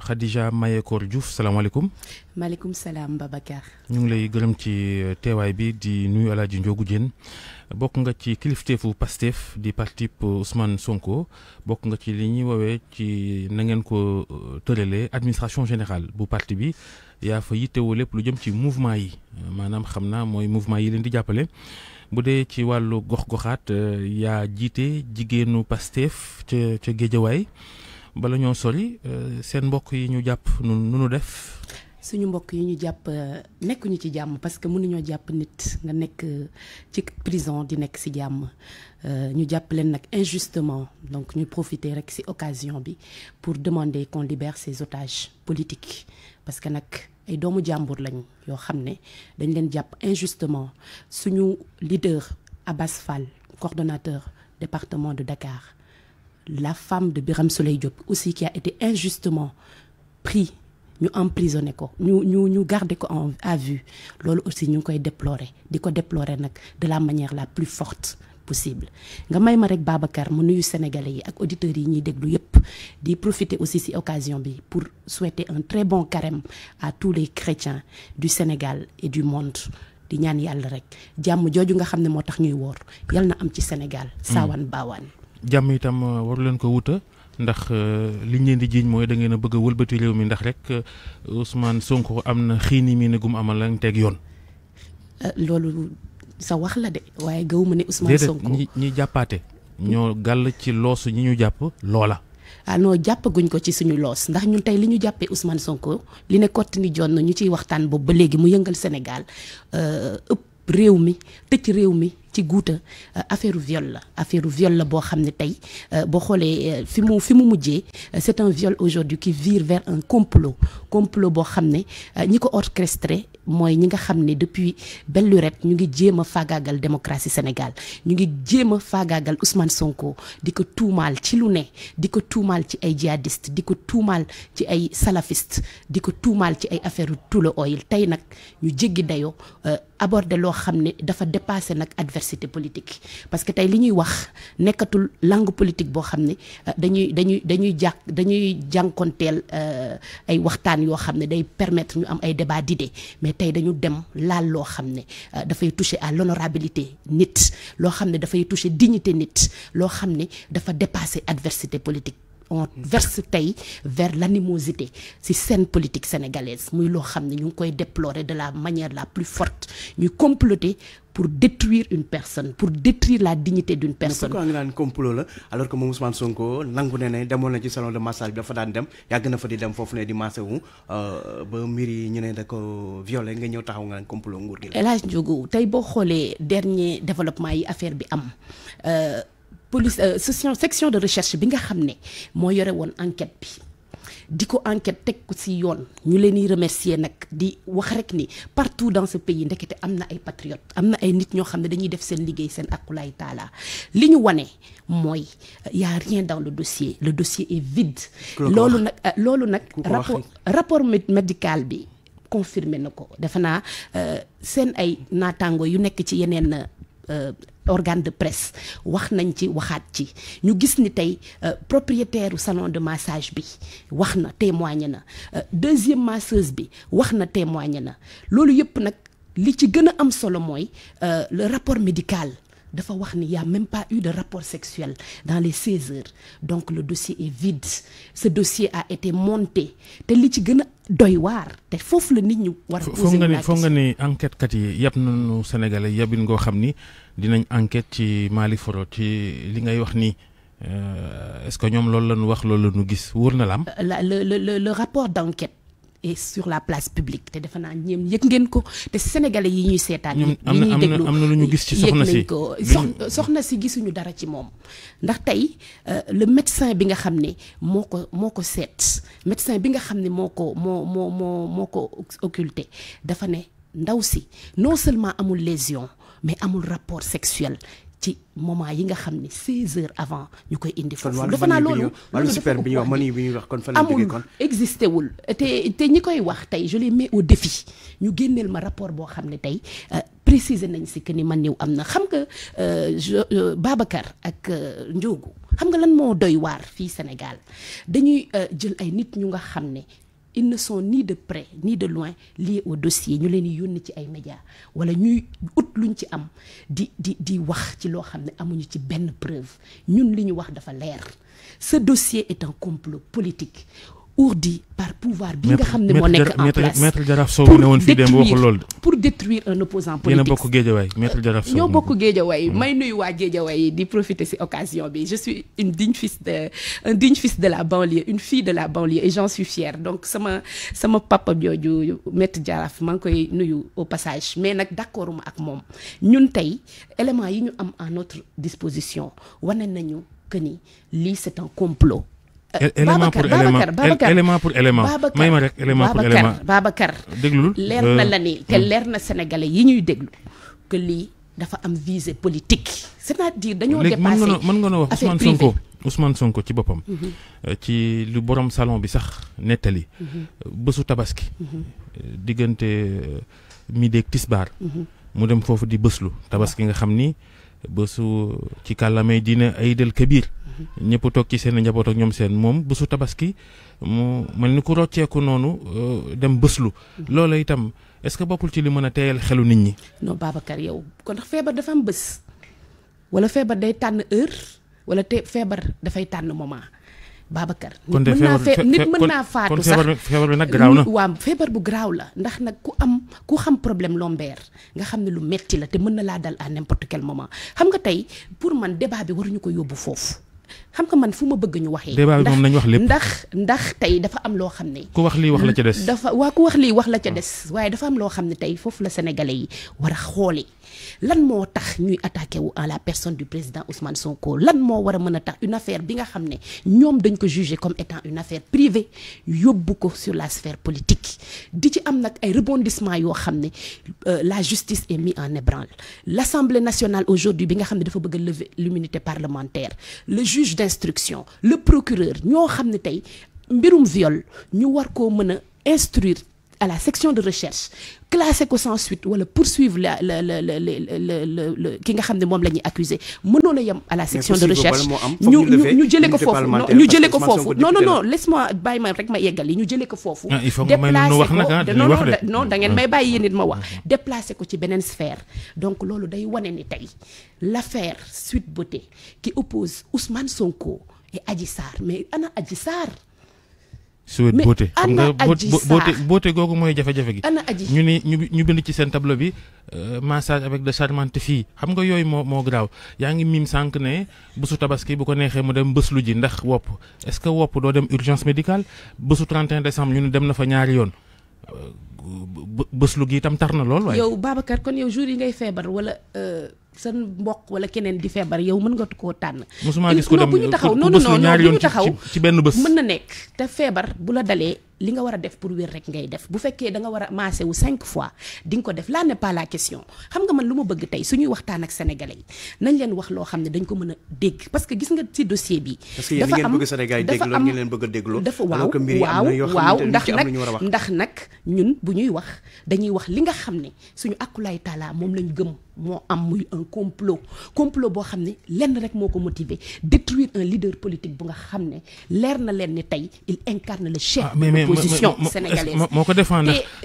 Khadija Mahécor Diouf salam, maaleykum salaam Babacar. ñu ngi lay gërëm ci euh, teewaay bi di nuyu El Hadj Ndiogou Diène bokk nga ci kilifteefu Pastef di parti Ousmane Sonko bokk nga ci li ñuy woowee ci na ngeen ko euh, administration générale bu parti bi yaa fa yittewoo lépp lu jëm ci mouvement yi maanaam xam naa mouvement yi leen di jàppale. bu dee ci wàllu gox-goxaat euh, yaa jiite jigéenu Pastef ca ca Géejawaay bala ñoo soli euh, seen mbokk yi ñu jàpp nu nu def. suñu euh, parce que nit euh, prison di nekk si injustement donc ñu profiter rek occasion bi pour demander qu'on libère ces otages politiques parce que ay doomu lañ injustement suñu leader Abbas Fall coordonnateur département de Dakar la femme de Biram Soleil Diop aussi qui a été injustement pris ñu emprisonné ko nous ñu ñu ko en à vue loolu aussi ñu koy déplorer de quoi déplorer de la manière la plus forte possible nga may ma rek Babacar mu nuyu sénégalais yi ak auditeurs yi ñi déglu yépp di profiter aussi ci occasion bi pour souhaiter un très bon carême à tous les chrétiens du Sénégal et du monde di ñaan yalla rek jamm joju nga xam motax ñuy woor yal na am ci Sénégal mm. sawan bawan jàmm itam euh, waru leen ko wuta ndax euh, liñ leen di jiiñ mooy da ngeen a bëgg a wëlbati réew mi ndax rek euh, Ousmane Sonko am na xiini mi ne gum amal lañ teg yoon. loolu sa wax la de waaye gëw ma ne Ousmane Sonko ñi jàppaate. ñoo gàll ci loosu ñi ñu jàpp loola. ah non jàppaguñ ko ci suñu loos ndax ñun tey li ñu jàppee Ousmane Sonko li ne kott ni jonn ñu ciy waxtaan boobu ba léegi mu yëngal senegal ëpp réew mi tëj réew mi. ci guuta euh, affaire viol la affaire viol la boo xam ne tey euh, boo xoolee euh, fi mu fi mu mujjee c'est un viol aujourd'hui qui vire vers un complot complot boo xam ne ñi ko orchestré mooy ñi nga xam ne depuis belle lurette ñu ngi jéem a faagaagal démocratie Sénégal ñu ngi jéem a faagaagal Ousmane Sonko di ko tuumaal ci lu ne di ko tuumaal ci ay djihadiste di ko tuumaal ci ay salafiste di ko tuumaal ci ay affaire tout le oil tey nag ñu jéggi dayoo aborder loo xam ne dafa dépassé nag adversaire politique parce que ligne que langue politique bo xamné euh, dañuy dañuy dañuy dañuy euh, permettre ñu am ay débat d'idées mais tay dañu dem la loi xamné ne euh, fay toucher à l'honorabilité nit loi ne fay toucher dignité nit loi ne fa dépasser adversité politique on verse vers l'animosité si scène politique sénégalaise muy nous xamné ñu de la manière la plus forte ñu comploter pour détruire une personne pour détruire la dignité d'une personne. mais nga naan complot la alors que moom Ousmane Sonko nangu ne ne demoon na ci salon de massage bi dafa daan dem yàgg na fa di dem foofu ne di massé wu euh, ba mbir yi ñu ne da ko violé nga ñëw taxaw nga naan complot nguur gi. El Hadj Ndiogou tey boo xoolee dernier développement yi affaire bi am. Euh, police euh, section section de recherche bi nga xam ne moo yore woon enquête bi diko enquête tek ko ci remercier nak di wax ni partout dans ce pays ndekete amna ay patriotes ay nit ñoo xamne dañuy def taala li a rien dans le dossier le dossier est vide. lolu euh, rapport médical bi organe de presse wax nañ ci waxat ci ñu gis ni tay euh, propriétaire salon de massage bi wax na témoigné na euh, deuxième masseuse bi wax na témoigné na lolu yep nak li ci gëna am solo euh, le rapport médical dafa wax ni y a même pas eu de rapport sexuel dans les 16 heures donc le dossier est vide ce dossier a été monté Et li ci gën a doy waar Il foofu la nit ñu war a poser foog nga ni foog enquête kat yi yab Sénégalais yabin ngoo xam dinañ enquête ci Mali Foro ci li ngay wax ni euh, est-ce que ñom loolu lañ wax loolu lañu ñu gis wóor na la am. le le le rapport d'enquête et sur la place publique té defana naa yek yëg ngeen ko té sénégalais yi ñuy seetaan. ñoom am na am na lu ñu gis ci soxna si soxna si gisuñu dara ci mom ndax tay euh, le médecin bi nga xamné moko moko sét médecin bi nga xamné moko mo mo moo moo occulté dafa né ndaw si non seulement amul lésion mais amul rapport sexuel ci moment yi nga 16 heures avant ñukoy indi foofu super bi wax bi ñu kon je les mets au défi ñu ma rapport bo xamné tay nañ que ni man que euh, euh, Babacar ak euh, Ndiogu xam nga lan Sénégal dañuy jël ils ne sont ni de près ni de loin liés au dossier ñu leen yoni ci ay médias wala ñuy out luñ ci am di di di wax ci lo xamné amuñu ci benn preuve ñun liñu wax dafa ce dossier est un complot politique ourdi par pouvoir bi nga xam ne moo nekk en place maître Jaraaf Sow ne woon fii dem waxul loolu pour détruire un opposant politique yéen a bokk géejawaay maître euh, Jaraaf Sow ñoo bokk géejawaay mm. may nuyu waa géejawaay di profiter ci occasion bi je suis une digne fils de un digne fils de la banlieue une fille de la banlieue et j'en suis fière donc sama sama papa jooju maître Jaraaf maa ngi koy nuyu au passage mais nag d'accord ma ak moom ñun tey éléments yi ñu am à notre disposition wane nañu que ni lii c'est un complot Eh, élément pour élément élément pour élément may ma rek élément pour élément Babacar déglul leer euh, na la ni te hmm. leer na sénégalais yi ñuy déglu que lii dafa am visée politique c'est-à-dire dañoo dépassé léegi mën nga noo wax Ousmane Sonko Ousmane Sonko ci boppam mhm. euh, ci lu borom salon bi sax nettali mhm. bésu tabaski mhm. diggante euh, midi ak tisbaar mu dem foofu di bëslu tabaski nga xam ni bésu ci kàllamay dina Aïd el Kabir ñëpp toog ci seen i njaboot ak ñoom seen moom bésu tabaski mu mel ni ku rocceeku noonu euh, dem bëslu. loola itam est-ce que bokkul ci li mën a teeyal xelu nit ñi. non Babacar yow kon ndax feebar dafa am bés wala day tànn wala te feebar dafay tànn moment. Babacar nit mën naa fee nit mën naa faatu sax kon feebar bi nag garaaw na waaw feebar bu garaaw la ndax nag ku am ku xam problème lombaire nga xam ne lu metti la te mën na laa dal à n'importe quel moment xam nga tey pour man débat bi waruñu ko yóbbu foofu xam nga man fu ma bëgg ñu waxee. débat bi moom nañ wax lépp ndax ndax tey dafa am loo xam ne. ku wax lii wax la ca des. dafa waa ku wax lii wax la ca des. waaye dafa am loo xam ne tey foofu la sénégalais yi war a xoolee lan moo tax ñuy attaqué wu à la personne du président Ousmane Sonko lan moo war a mën a tax une affaire bi nga xam ne ñoom dañ ko jugé comme étant une affaire privée yóbbu ko sur la sphère politique di ci am nag ay rebondissement yoo xam ne euh, la justice est mise en ébranle l'Assemblée nationale aujourd'hui bi nga xam ne dafa bëgg a lever l'immunité parlementaire le juge juge d'instruction le procureur nous avons ne mbirum viol ñu war instruire à la section de recherche classé ko sans suite wala poursuivre le... nous, nous, nga accusé à la section de recherche nous ñu non non non laisse moi rek ma nous ñu ko non da ngeen may ma wax sphère donc l'affaire suite Beauté qui oppose Ousmane Sonko et Adji Sarr mais suwet beauté xam nga beauté beauté googu mooy jafe-jafe gi ñu ni ñu ñu bind ci seen tableau bi euh, massage avec de charmantes filles xam nga yooyu moo moo garaaw yaa ngi miim sànq ne bésu tabaski bu ko neexee mu dem bés ji ndax wopp est-ce que wopp doo dem urgence médicale bésu 31 décembre ñu ne dem na fa ñaari yoon euh, bés lu gi itam tar na lool waaye yow Babacar kon yow jour yi ngay feebar wala euh, sa mboq wala keneen di feebar yow mën nga koo tànn. mosuma gis ku dem bu ñu taxaw noonu noonu bu ñu taxaw ci benn bés. mën na nekk te feebar bu la dalee. li nga war a def pour wér rek ngay def bu fekkee da nga war a wu cinq fois di nga ko def là n'est pas la question xam nga man lu ma bëgg tey suñuy waxtaan ak sénégalais yi nañ leen wax loo xam ne dañ ko mën a dégg parce que gis nga ci dossier bi dafa am dafa am dafa waaw waaw waaw ndax nag ndax nag ñun bu ñuy wax dañuy wax li nga xam ne suñu akulaay taala moom lañ gëm moo am muy un complot complot boo xam ne lenn rek moo ko motiver détruire un leader politique bu nga xam ne leer na leen ni tey il incarne le chef ah, position sénégalaise moo ko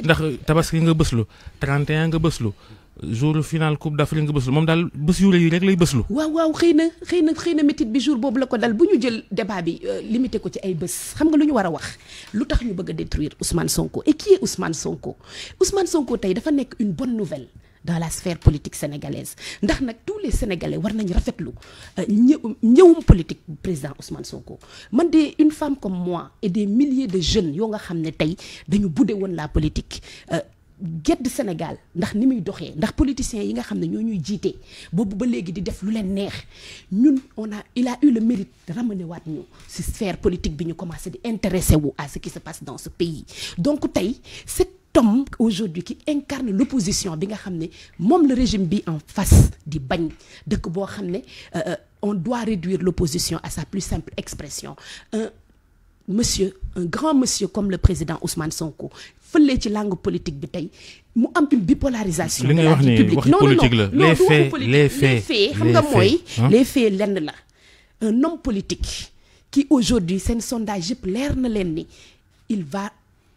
ndax tabaski nga bëslu 31 nga bëslu jour final coupe d'Afrique nga bëslu moom daal bés yu rëy rek lay bëslu waaw waaw xeyna xeyna xeyna na bi jour bobu la ko dal buñu jël débat bi euh, limité ko ci ay bés xam nga luñu wara wax lutax tax ñu bëgg détruire Ousmane Sonko et qui est Ousmane Sonko Ousmane Sonko tay dafa nek une bonne nouvelle dans la sphère politique sénégalaise ndax nak tous les sénégalais war nañ rafetlu euh, ñewum politique président Ousmane Sonko man une femme comme moi et des milliers de jeunes yo nga xamné tay dañu boudé won la politique euh, guedd Sénégal ndax ni muy doxee ndax politiciens yi nga xamné ne ñoo ñuy jité bobu ba légui di def lu leen neex ñun on a il a eu le mérite de ramener waat ñu ci sphère politique bi ñu commencé di intéresser wu à ce qui se passe dans ce pays donc tay c'est donc, aujourd'hui qui incarne l'opposition bi nga xam le régime bi en face di bañ de boo euh, euh, on doit réduire l'opposition à sa plus simple expression un monsieur un grand monsieur comme le président Ousmane Sonko feulé ci langue politique bi tay mu am une bipolarisation Non, public. non. non waxi politique la les faits hein? les faits xam nga les faits un homme politique qui aujourd'hui seen sondage yëpp leer na il va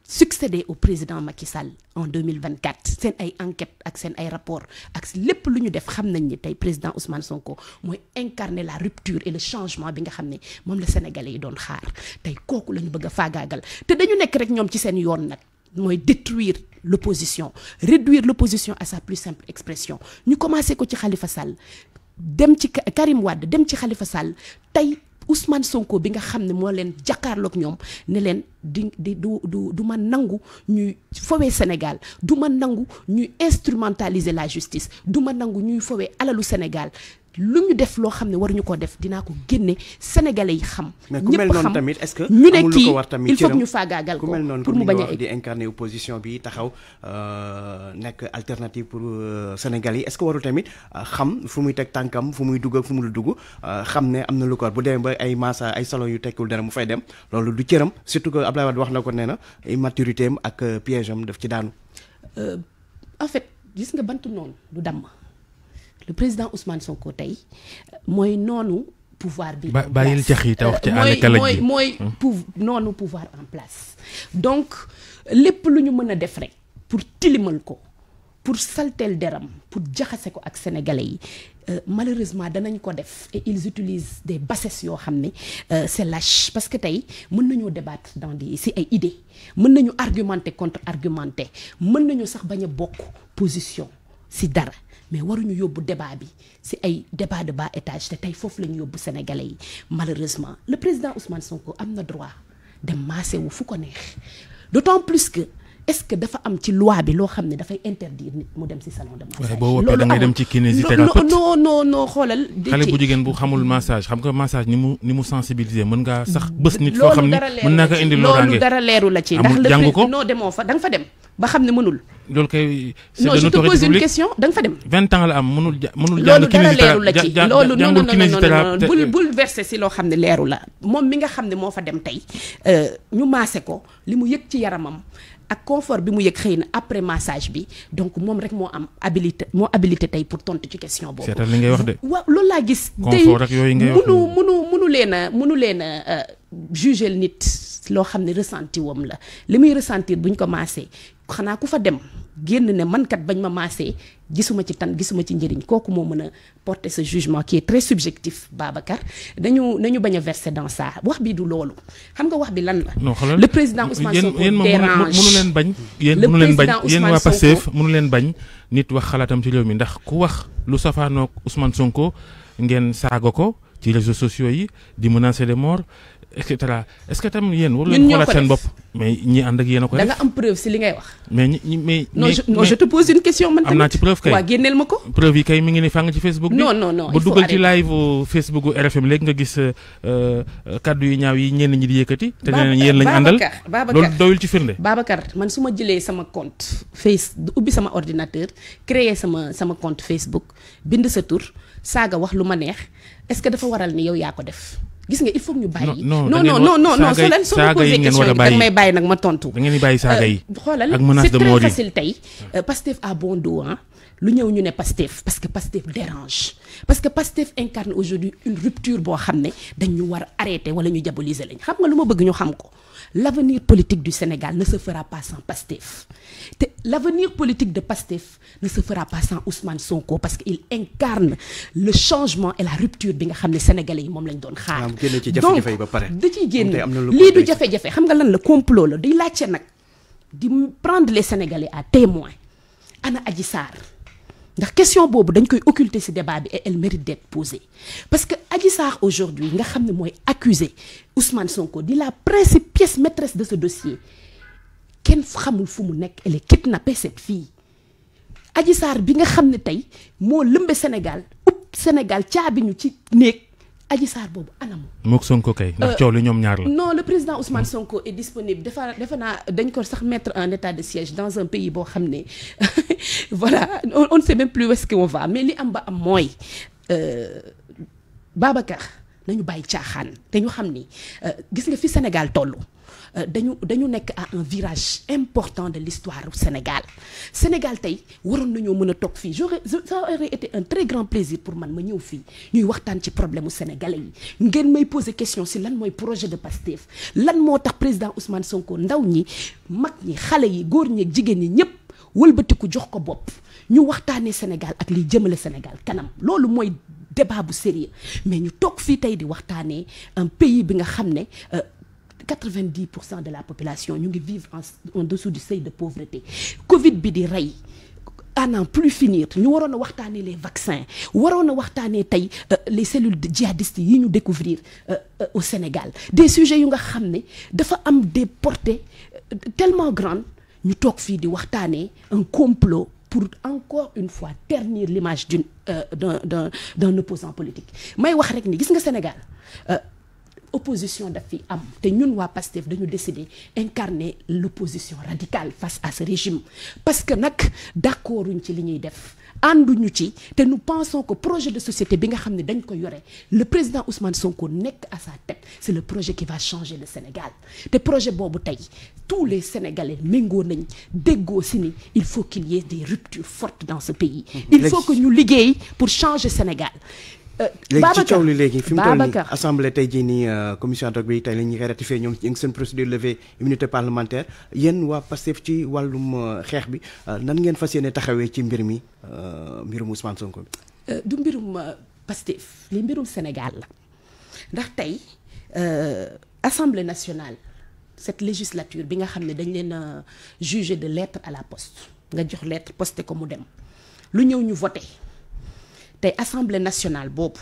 succéder au président Macky Sall en 2024 C'est une enquête ak rapport ak lépp lu ñu def xam nañ ni président Ousmane Sonko mooy incarner la rupture et le changement bi nga xam ne moom la sénégalais yi doon xaar tey kooku la ñu bëgg dañu rek détruire l'opposition réduire l'opposition à sa plus simple expression ñu commencé ko ci Khalifa Sall dem Karim Wade dem ci Khalifa Sall Ousmane Sonko bi nga xamné ne len leen ñom ne leen nangu ñuy fowee Sénégal duma nangu ñuy instrumentaliser la justice duma nangu ñuy fowee alalu Sénégal lu ñu def loo xam que waruñu sénégalais yi xam. tamit est-ce que ñu ne il faut ko pour mu bañ di incarner opposition bi taxaw euh, nekk alternative pour euh, sénégalais est-ce que waru tamit euh, xam fu muy teg tànkam fu muy dugg fu mu dugg xam ne lu bu demee ba ay massa ay salon yu tekkul dara mu fay dem loolu du surtout que Abdoulaye wax na ko nee ak piège daf ci daanu. en fait gis nga bantu noonu du damm le président Ousmane Sonko tay moy noonu pouvoir bi. place. bàyyil jax yi euh, hmm. pouvoir en place. donc les luñu qui def rek pour tilimal ko pour saltel deram pour jaxase ko ak sénégalais yi euh, malheureusement ils utilisent des bassesses euh, c'est lâche parce que nous pouvons débattre dans des idées Nous nañu argumenter contre argumenter nous nañu sax bañ beaucoup de position c'est dara mais waruñu yobbu débat bi si ay débat de bas étage te tay malheureusement le président Ousmane Sonko a le droit de masser wu fu d'autant plus que est-ce que dafa am ci loi bi lo xamné da interdire mu dem salon de massage. da ngay dem ci kinésithérapeute non non non xolal xalé bu jigen bu xamul massage xam massage ni mu ni mu sensibiliser mën sax mm. nit. dara la ci ndax le non fa fa dem ba loolu kay. non je te pose une question da nga fa dem. vingt ans la am mënul mënul. jàng kinésithérapeute ja loolu non non non bul bul verser si loo xam ne leeru la moom mi nga xam ne moo fa dem tey euh, ñu maase ko li mu yëg ci yaramam. ak confort bi mu yëg xëy na après massage bi donc moom rek moo am habilité moo habilité tey pour tontu ci question boobu. seetal li ngay wax de. waaw loolu laa gis. confort ak yooyu ngay wax tey munu munu munu leen a munu leen a euh, jugel nit loo xam ne ressenti wam la li muy ressentir bu ñu ko maasee xanaa ku fa dem génn ne mankat bañ ma maasee gisuma ci tan gisuma ci njëriñ kooku moo mën a porter sa jugement qui est très subjectif Babacar dañu nañu bañ a verser dans wax bi du loolu xam nga wax bi lan la. le président Ousmane Sonko dérange mënu leen bañ. yéen mënu leen bañ yéen waa Pastef mënu leen bañ nit wax xalaatam ci réew mi ndax ku wax lu safaanook Ousmane Sonko ngeen saago ko ci réseau sociaux yi di menacer de mort et cetera est ce que tam yéen war leen xoolaat seen bopp mais ñi ànd ak yéen a ko def da nga am preuve si li ngay wax. mais ñi mais. non je te pose une question man tamit am naa ci preuve kay waaw génneel ma ko. preuve yi kay mi ngi ne fàng ci Facebook. non non non ba dugal ci live Facebook RFM léegi nga gis euh, euh, kaddu yu ñaaw yi ñenn ñi di yëkkati. te nee nañ yéen lañ àndal loolu doyul ci firnde. Babacar man su ma jëlee sama compte face ubbi sama ordinateur créer sama sama compte Facebook bind sa tur saaga wax lu ma neex est ce que dafa waral ni yow yaa ko def. gis nga il faut ñu bàyyi. non non non non non soo leen soo bàyyi nag ma tontu. da ngeen di bàyyi saaga euh, yi. ak menace de mort yi xoolal c'est très facile tey euh, lu ñëw ñu né Pastef parce que Pastef dérange parce que Pastef incarne aujourd'hui une rupture bo xamné dañ ñu war arrêter wala ñu diaboliser lañ xam nga luma bëgg ñu xam ko l'avenir politique du Sénégal ne se fera pas sans Pastef té l'avenir politique de Pastef ne se fera pas sans Ousmane Sonko parce qu'il incarne le changement et la rupture bi nga xamné sénégalais yi mom lañ doon xaar donc da ciy ce li du jafé jafé xam nga lan la complot la di laccé di prendre les sénégalais à témoin ana Adji sar la question est dañ koy occulter ce débat et elle mérite d'être posée parce que aujourd'hui nga xamné accusé Ousmane Sonko dit la principale pièce maîtresse de ce dossier ken xamul fu mu elle est kidnappée cette fille Adi Sarr bi nga xamné tay mo moo Sénégal ub Sénégal caabi ñu ci Sénégal. Adi Sarr anam. Sonko kay euh, non le président Ousmane Sonko est disponible Il faut mettre en état de siège dans un pays qui xam voilà on ne sait même plus où est-ce qu'on va mais li am euh, Babacar te ñu euh, dañu dañu nek à un virage important de l'histoire Sénégal Sénégal tay waroon nañoo mëna tok fi. fii j'aurais ça aurait été un très grand plaisir pour man ma ñëw fi ñuy waxtaan ci problème sénégalais yi ngeen may poser question si lan moy projet de Pastef lan motax président Ousmane Sonko ndaw ñi mag ñi xalé yi góor ñi ak jigéen ñi ñep wëlbeutiku jox ko bop. ñu waxtaanee Sénégal ak li jëmele Sénégal kanam Lolu moy débat bu sérieux mais ñu tok fi tay di waxtaanee un pays bi nga xamné 90% de la population ñu en dessous du seuil de pauvreté Covid bi di plus finir Nous avons les vaccins Nous avons euh, les cellules djihadistes qui nous découvrir euh, euh, au Sénégal des sujets qui nous ont dafa des portées tellement grandes Nous parlons ici di un complot pour encore une fois ternir l'image d'un d'un d'un opposant politique Mais wax rek ni gis le Sénégal opposition daf fi am ñun PASTEF décider incarner l'opposition radicale face à ce régime parce que nous d'accorduñ ci li ñuy def ci nous pensons que projet de société bi nga dañ le président Ousmane Sonko nek à sa tête c'est le projet qui va changer le Sénégal té projet bobu tay tous les Sénégalais les nañ il faut qu'il y ait des ruptures fortes dans ce pays mm-hmm. il faut que nous liguions pour changer le Sénégal euh, léegi ci coow li léegi fi mu assemblée tey jii nii euh, commission ad hoc bi tey la ñuy ratifié ñoom ñu ngi seen procédure levée immunité parlementaire yéen waa Pastef ci wàllum euh, xeex bi nan ngeen fas yéene taxawee ci mbir mi mbirum Ousmane Sonko bi. du mbirum Pastef li mbirum Sénégal la ndax tey assemblée nationale cette législature bi nga xam ne dañ leen a de lettre à la poste nga jox lettre posté ko mu dem lu ñëw ñu voté tay assemblée nationale Bob,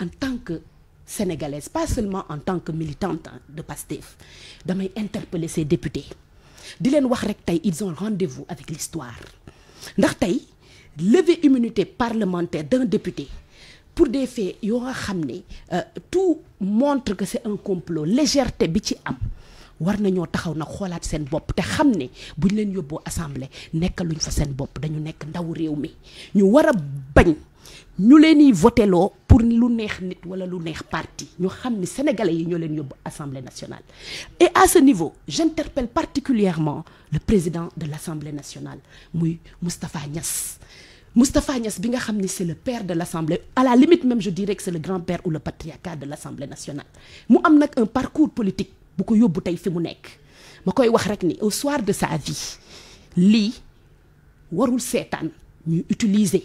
en tant que sénégalaise pas seulement en tant que militante de Pastef damay interpeller ces députés di len wax rek ils ont rendez-vous avec l'histoire ndax tay lever immunité parlementaire d'un député pour des faits yo nga euh, tout montre que c'est un complot légèreté bi ci am war nañoo taxaw na xoolaat sen bop te xamné ne bu yobbo leen assemblée nekkaluñ fa sen bop dañu nek ndaw réew mi ñu wara nous avons voté pour nous neex nit wala lu parti Nous sommes sénégalais yi ñoo leen nationale et à ce niveau j'interpelle particulièrement le président de l'assemblée nationale Moustapha Agnès. Moustapha Agnès, c'est le père de l'assemblée à la limite même je dirais que c'est le grand-père ou le patriarcat de l'assemblée nationale Il a un parcours politique bu ko yóbbu tey fi mu nekk ma au soir de sa vie il a utilisé utiliser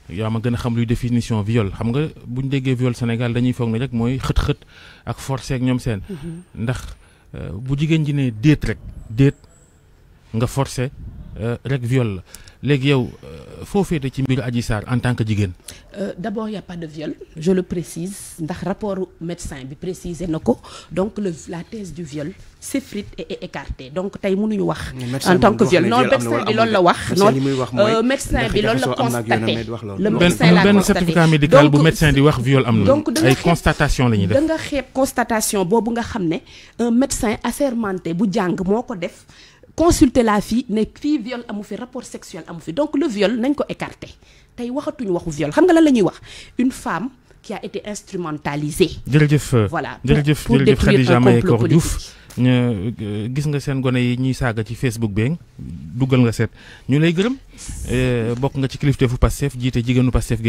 ya ma gën xam luy définition viol xam nga buñ déggé viol Sénégal dañuy foog rek moy xëtt xëtt ak forcé ak ñom sen mhm. ndax euh, bu jigen ji né déet rek déet nga forcé euh, rek viol la léegi yow euh, foo féete ci mbiru Adji en tant que euh, D'abord, il n'y a pas de viol je le précise Le rapport médecin il précise. donc le la thèse du viol s'effrite et est écartée donc tey mënuñu wax. en tant que viol non médecin la wax. non euh, médecin bi loolu constaté. le ben, médecin le benn certificat médical bu médecin di wax viol am y ay constatation Il y def constatation boobu nga un médecin assermenté bu jàng moko le def consulter la fille ne fii viol amu rapport sexuel amu fi donc le viol n'en ko écarté tay waxatuñ waxu viol xam nga lan lañuy wax une femme qui a été instrumentalisée. jërëjëf voilà Pour jërëjëf Khadija Maye Koor Diouf ñu euh, gis nga sen gone yi ñi saaga ci Facebook beeg duggal nga seet ñu lay euh bok nga ci kilifteefu Pastef jiite jigéenu Pastef